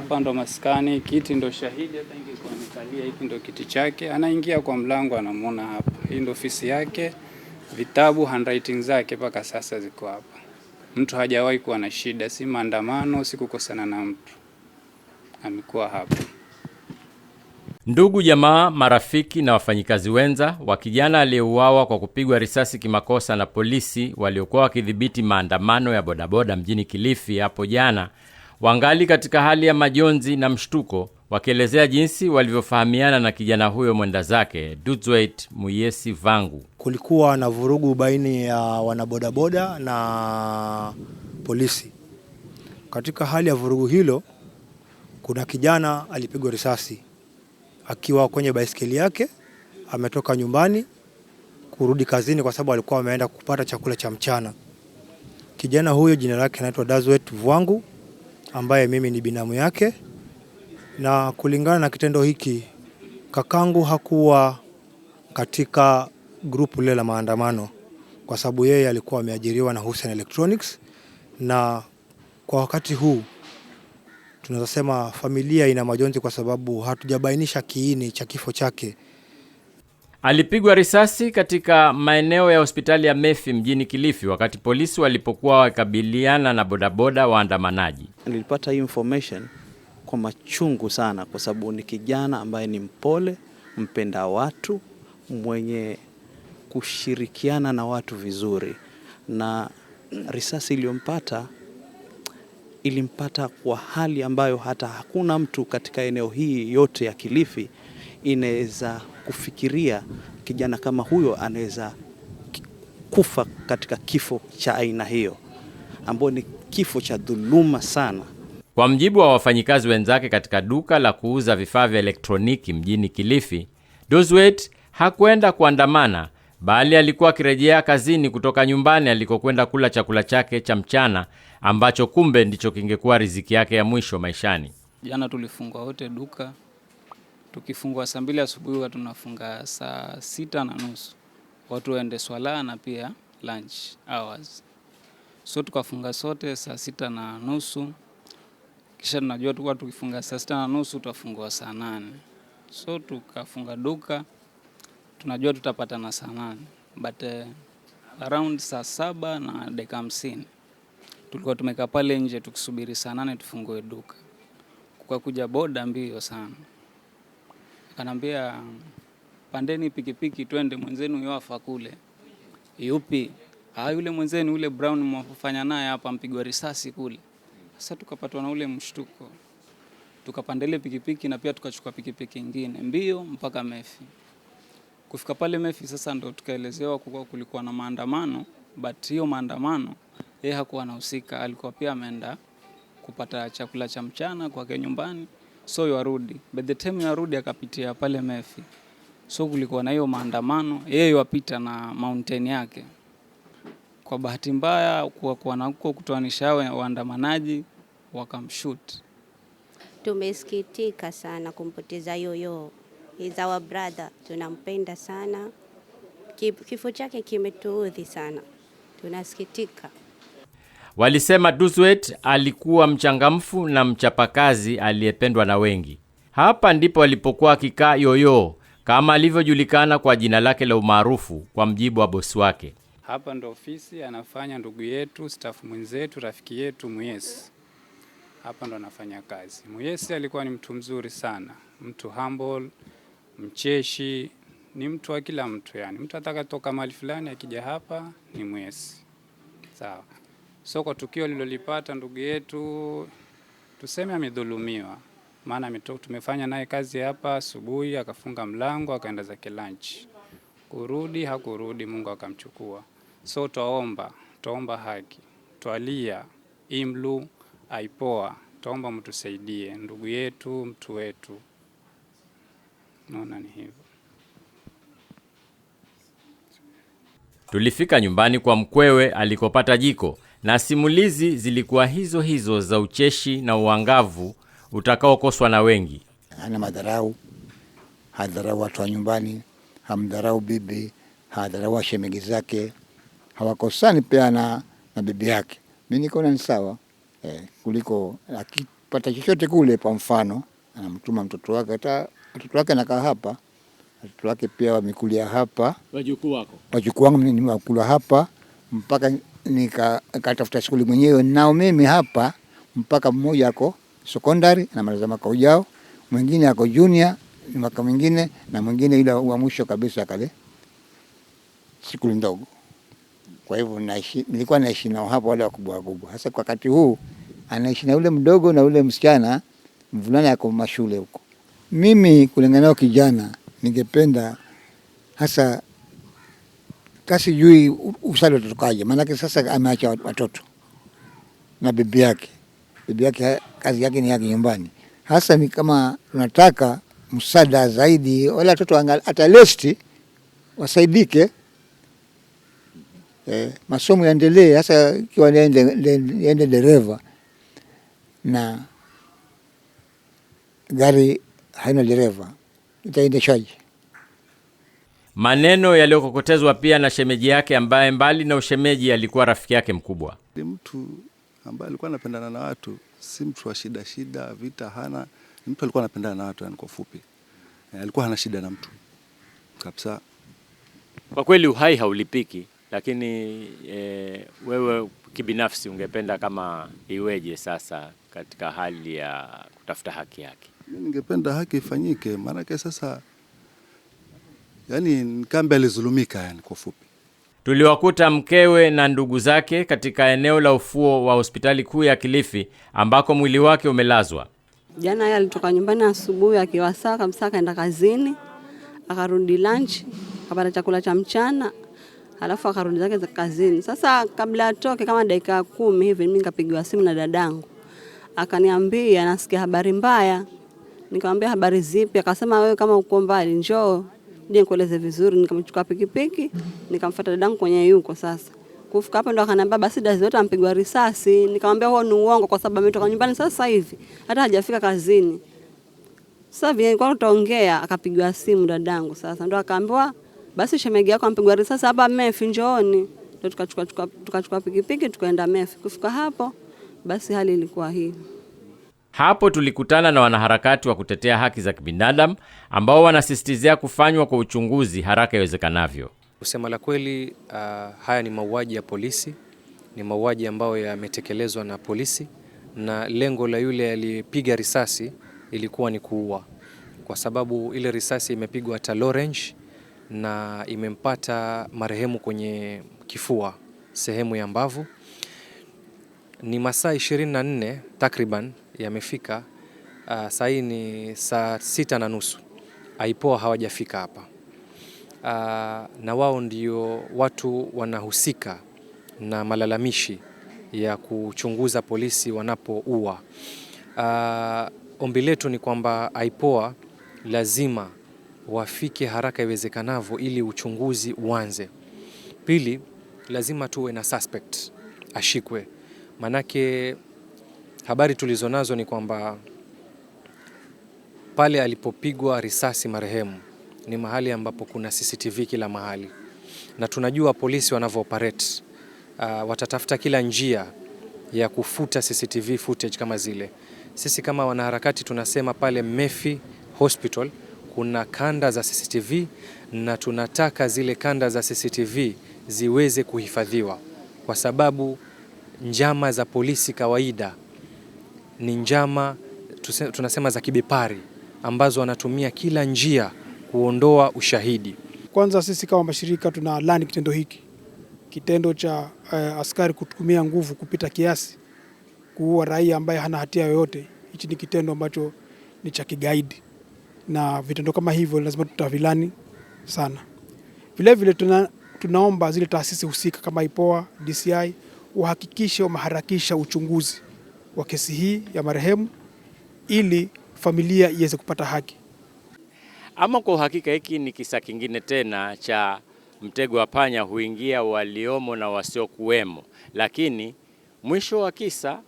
hapa ndo maskani, kiti ndo shahidi, hata ingekuwa amekalia hiki ndo kiti chake. Anaingia kwa mlango, anamwona hapa. Hii ndo ofisi yake, vitabu handwriting zake mpaka sasa ziko hapa. Mtu hajawahi kuwa na shida, si maandamano, si kukosana na mtu, amekuwa hapa. Ndugu, jamaa, marafiki na wafanyikazi wenza wa kijana aliyeuawa kwa kupigwa risasi kimakosa na polisi waliokuwa wakidhibiti maandamano ya bodaboda mjini Kilifi hapo jana wangali katika hali ya majonzi na mshtuko, wakielezea jinsi walivyofahamiana na kijana huyo mwenda zake Dudzweit Muyesi Vangu. Kulikuwa na vurugu baini ya wanabodaboda na polisi. Katika hali ya vurugu hilo, kuna kijana alipigwa risasi akiwa kwenye baiskeli yake, ametoka nyumbani kurudi kazini, kwa sababu alikuwa ameenda kupata chakula cha mchana. Kijana huyo jina lake anaitwa dazwet vwangu ambaye mimi ni binamu yake, na kulingana na kitendo hiki kakangu hakuwa katika grupu lile la maandamano kwa sababu yeye alikuwa ameajiriwa na Hussein Electronics, na kwa wakati huu tunaweza sema familia ina majonzi kwa sababu hatujabainisha kiini cha kifo chake. Alipigwa risasi katika maeneo ya hospitali ya Mefi mjini Kilifi wakati polisi walipokuwa wakabiliana na bodaboda waandamanaji. Nilipata hii information kwa machungu sana, kwa sababu ni kijana ambaye ni mpole, mpenda watu, mwenye kushirikiana na watu vizuri, na risasi iliyompata ilimpata kwa hali ambayo hata hakuna mtu katika eneo hii yote ya Kilifi inaweza kufikiria kijana kama huyo anaweza kufa katika kifo cha aina hiyo, ambayo ni kifo cha dhuluma sana. Kwa mjibu wa wafanyikazi wenzake katika duka la kuuza vifaa vya elektroniki mjini Kilifi, Doswet hakwenda kuandamana, bali alikuwa akirejea kazini kutoka nyumbani alikokwenda kula chakula chake cha mchana ambacho kumbe ndicho kingekuwa riziki yake ya mwisho maishani. Jana tulifungwa wote duka tukifungua saa mbili asubuhi huwa tunafunga saa sita na nusu watu waende swala na pia lunch hours. So tukafunga sote saa sita na nusu kisha tunajua tukuwa tukifunga saa sita na nusu tutafungua saa nane so tukafunga duka, tunajua tutapata na saa nane but uh, around saa saba na dakika hamsini tulikuwa tumekaa pale nje tukisubiri saa nane tufungue duka, kukakuja boda mbio sana. Kanaambia pandeni pikipiki twende, mwenzenu yuafa kule. Yupi? Ah, yule mwenzenu yule Brown mwafanya naye hapa, mpigwa risasi kule. Sasa tukapatwa na ule mshtuko, tukapanda ile pikipiki na pia tukachukua pikipiki nyingine mbio mpaka Mefi. Kufika pale Mefi sasa ndo tukaelezewa kuwa kulikuwa na maandamano, but hiyo maandamano yeye hakuwa anahusika, alikuwa pia ameenda kupata chakula cha mchana kwake nyumbani so yarudi. By the time yarudi akapitia pale Mefi, so kulikuwa na hiyo maandamano, yeye yapita na mountain yake. Kwa bahati mbaya kwa kuwa na huko kutoanisha waandamanaji wakamshoot. Tumesikitika sana kumpoteza Yoyo, is our brother, tunampenda sana. Kifo chake kimetuudhi sana, tunasikitika. Walisema Duszwet alikuwa mchangamfu na mchapakazi aliyependwa na wengi. Hapa ndipo alipokuwa akikaa Yoyo kama alivyojulikana kwa jina lake la umaarufu, kwa mjibu wa bosi wake. Hapa ndo ofisi anafanya ndugu yetu, stafu mwenzetu, rafiki yetu Muyesi. Hapa ndo anafanya kazi. Muyesi alikuwa ni mtu mzuri sana, mtu humble, mcheshi, ni mtu wa kila mtu yani. Mtu atakatoka mali fulani akija hapa ni Muyesi. Sawa. So kwa tukio lilolipata ndugu yetu, tuseme amedhulumiwa, maana tumefanya naye kazi hapa asubuhi, akafunga mlango akaenda zake lunch, kurudi hakurudi, Mungu akamchukua. So twaomba, twaomba haki, twalia, IMLU aipoa, twaomba mtusaidie ndugu yetu, mtu wetu. Naona ni hivyo. Tulifika nyumbani kwa mkwewe alikopata jiko na simulizi zilikuwa hizo hizo za ucheshi na uangavu utakaokoswa na wengi. Hana madharau, hadharau watu wa nyumbani, hamdharau bibi, hadharau washemegi zake, hawakosani pia na, na bibi yake. Mi nikaona ni sawa eh, kuliko akipata chochote kule. Kwa mfano, anamtuma mtoto wake, hata mtoto wake anakaa hapa, watoto wake pia wamekulia hapa, wajukuu wako, wajukuu wangu nimekula hapa mpaka nikatafuta shughuli mwenyewe. Nao mimi hapa mpaka mmoja ako sekondari namaliza mwaka ujao, mwingine ako junior mwaka mwingine, na mwingine ila wa mwisho kabisa kale shughuli ndogo. Kwa hivyo naishi, nilikuwa naishi nao hapo wale wakubwa wakubwa. Hasa kwa wakati huu anaishi na yule mdogo na yule msichana mvulana ako mashule huko. Mimi kulinganao kijana, ningependa hasa kasijui usali utatokaje, maanake sasa ameacha watoto na bibi yake. Bibi yake kazi yake ni yake nyumbani. Hasa ni kama tunataka msaada zaidi, wala watoto hata lesti wasaidike, eh, masomo yaendelee, hasa ikiwa niende dereva na gari haina dereva itaendeshaje? Maneno yaliyokokotezwa pia na shemeji yake ambaye mbali na ushemeji alikuwa rafiki yake mkubwa. Ni mtu ambaye alikuwa anapendana na watu, si mtu wa shida shida, vita hana. Ni mtu alikuwa anapendana na watu, yani kwa fupi, eh, alikuwa hana shida na mtu kabisa. Kwa kweli uhai haulipiki, lakini e, wewe kibinafsi ungependa kama iweje sasa katika hali ya kutafuta haki yake? ningependa haki ifanyike, maanake sasa yani kambi alizulumika yani kwa fupi. Tuliwakuta mkewe na ndugu zake katika eneo la ufuo wa hospitali kuu ya Kilifi ambako mwili wake umelazwa. Jana yeye alitoka nyumbani asubuhi akiwa sawa kabisa, akaenda kazini, akarudi lunch, akapata chakula cha mchana, alafu akarudi zake za kazini. Sasa kabla atoke kama dakika kumi hivi, mimi nikapigiwa simu na dadangu, akaniambia nasikia habari mbaya. Nikamwambia habari zipi? Akasema wewe kama uko mbali njoo Ndiye nikueleze vizuri, nikamchukua pikipiki nikamfuata dadangu kwenye yuko sasa. Kufika hapa ndo akaniambia basi dazi wote ampigwa risasi. Nikamwambia huo ni uongo kwa sababu ametoka nyumbani sasa hivi. Hata hajafika kazini. Sasa vile nilikuwa tutaongea akapigwa simu dadangu sasa ndo akaambiwa basi shemegi yako ampigwa risasi hapa Mefi njooni. Ndo tukachukua tukachukua pikipiki tukaenda Mefi. Kufika hapo basi hali ilikuwa hii. Hapo tulikutana na wanaharakati wa kutetea haki za kibinadamu ambao wanasisitizia kufanywa kwa uchunguzi haraka iwezekanavyo. Kusema la kweli, uh, haya ni mauaji ya polisi, ni mauaji ambayo yametekelezwa na polisi, na lengo la yule aliyepiga risasi ilikuwa ni kuua, kwa sababu ile risasi imepigwa hata Lorange na imempata marehemu kwenye kifua, sehemu ya mbavu. Ni masaa 24 takriban yamefika. Uh, ah, saa hii ni saa sita na nusu, aipoa hawajafika hapa. Uh, na wao ndio watu wanahusika na malalamishi ya kuchunguza polisi wanapoua. Uh, ombi letu ni kwamba aipoa lazima wafike haraka iwezekanavyo ili uchunguzi uanze. Pili, lazima tuwe na suspect ashikwe, manake Habari tulizonazo ni kwamba pale alipopigwa risasi marehemu ni mahali ambapo kuna CCTV kila mahali, na tunajua polisi wanavyo operate. Uh, watatafuta kila njia ya kufuta CCTV footage kama zile. Sisi kama wanaharakati tunasema pale Mephi Hospital kuna kanda za CCTV na tunataka zile kanda za CCTV ziweze kuhifadhiwa kwa sababu njama za polisi kawaida ni njama tunasema za kibepari ambazo wanatumia kila njia kuondoa ushahidi. Kwanza sisi kama mashirika tuna lani kitendo hiki, kitendo cha eh, askari kutumia nguvu kupita kiasi kuua raia ambaye hana hatia yoyote. Hichi ni kitendo ambacho ni cha kigaidi na vitendo kama hivyo lazima tutavilani sana. Vilevile tuna, tunaomba zile taasisi husika kama IPOA, DCI wahakikishe wameharakisha uchunguzi wa kesi hii ya marehemu ili familia iweze kupata haki. Ama kwa uhakika, hiki ni kisa kingine tena cha mtego wa panya huingia waliomo na wasiokuwemo, lakini mwisho wa kisa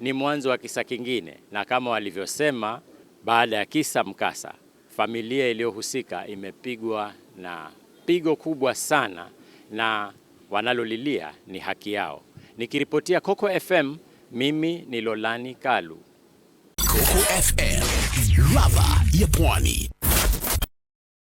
ni mwanzo wa kisa kingine, na kama walivyosema, baada ya kisa mkasa, familia iliyohusika imepigwa na pigo kubwa sana, na wanalolilia ni haki yao. Nikiripotia Coco FM. Mimi ni Lolani Kalu, Coco FM, ladha ya Pwani.